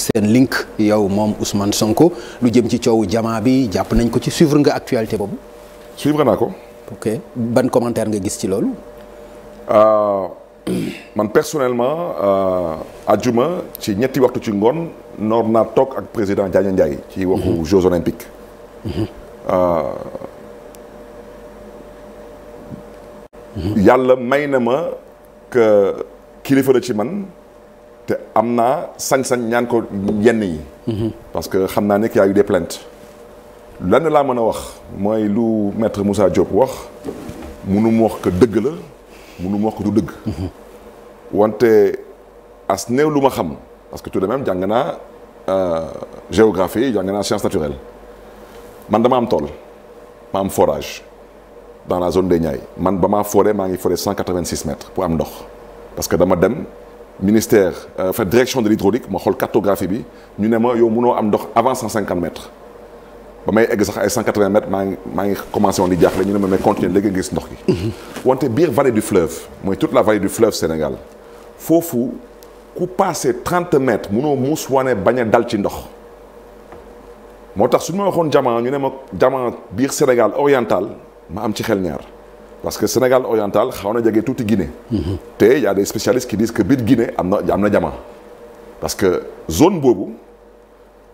seen link yow moom Ousmane Sonko lu jëm ci coowu jamaa bi jàpp nañ ko ci suivre nga actualité boobu. suivre naa ko. ok ban commentaire nga gis ci loolu. Euh, man personnellement euh, àjjuma ci ñetti waxtu ci ngoon noor naa toog ak président Diagne Ndiaye. ci waxu mhm. Jeux olympiques. Mhm. Euh, mhm. yàlla may na ma que ci man. te am naa sañ-sañ ñaan ko yenn yi. Mhm. parce que xam naa ne qu'il y a eu des laa mën a wax mooy lu maître Moussa Diop wax munu mu wax que dëgg la munu mu wax que du dëgg. Mhm. wante as néew lu ma xam parce que tout de même jàng naa euh, géographie jàng naa science naturelle man dama am tool ma am forage dans la zone de ñaay man ba maa foree maa ngi foree 186 mètres pour am ndox parce que dama dem. ministère euh, enfin direction de l'hydraulique ma xool cartographie bi ñu ne ma yow mënoo am ndox avant 150 mètres ba may egg sax ay mètres maa ngi maa ngi commencé woon di jaaxle ñu ne ma mais continuer léegi nga gis ndox gi. Mhm. wante biir vallée du fleuve mooy toute la vallée du fleuve Sénégal foofu ku passé 30 mètres mënoo muus wane bañ a dal ci ndox moo tax su ñu ma waxoon jamono ñu ne ma jamono biir Sénégal oriental ma am ci xel ñaar. parce que Sénégal oriental xaw na jege tuuti Guinée. Mhm. te y a des spécialistes qui disent que biir Guinée am na am na jama. parce que zone boobu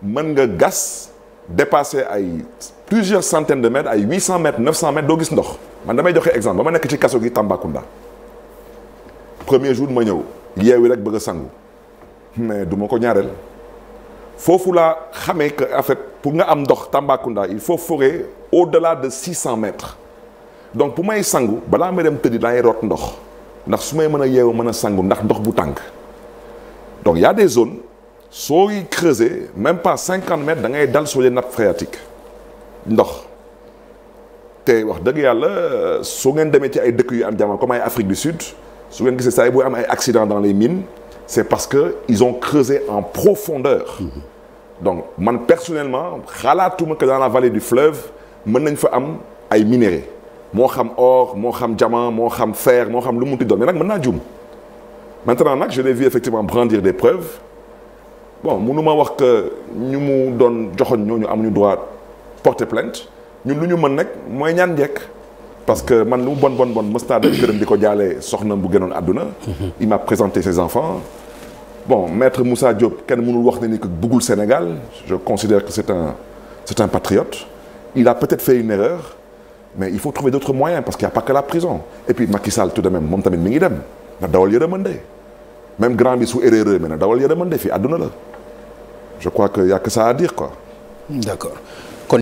mën nga gas dépasser ay plusieurs centaines de mètres ay huit cent mètres neuf cent mètres doo gis ndox man damay joxe exemple ba ma nekk ci kaso gi Tambacounda premier jour ma ñëw yeewi rek bëgg a sangu mais du ma ko ñaareel foofu laa xamee que en fait pour nga am ndox Tambacounda il faut forer au-delà de de six cent mètres. donc bu may sangu balaa may dem tëddi daay root ndox ndax su may mën a yeewu mën a sangu ndax ndox bu tàng donc y a des zones sooy creuser même pas cinquante mètres da ngay dal sur les nappes phréatiques ndox te wax dëgg yàlla soo ngeen demee ci ay dëkk yu am jamono comme ay Afrique du Sud su ngeen gisee saa yi booy am ay accident dans les mines c'est parce que ils ont creusé en profondeur mm-hmm. donc man personnellement xalaatuma que dans la vallée du fleuve mën nañ fa am ay minéraux moo xam or moo xam diamant moo xam fer moo xam lu mu munti doon mais nag mën naa juum maintenant nag je l'ai vu effectivement brandir des preuves bon mënu ma wax que ñu mu doon joxoon ñooñu amuñu droit porte plainte ñun lu ñu mën nag mooy ñaan njekk parce que man lu mu bon bon bon mës naa dem këram di ko jaale soxna bu gënoon àdduna mhm. il m'a présenté ses enfants bon maître Moussa Diop kenn mënul wax ne ni que bëggul Sénégal je considère que c'est en c'est un patriote il a peut-être fait une mais il faut trouver d'autres moyens parce qu'il n'y a pas que la prison et puis Macky Sall tout de même moom tamit mi ngi dem na dawal yërëmande même grand bi su erreur mais na dawal yërëmande fii àdduna la je crois que y a que ça à dire quoi. d'accord.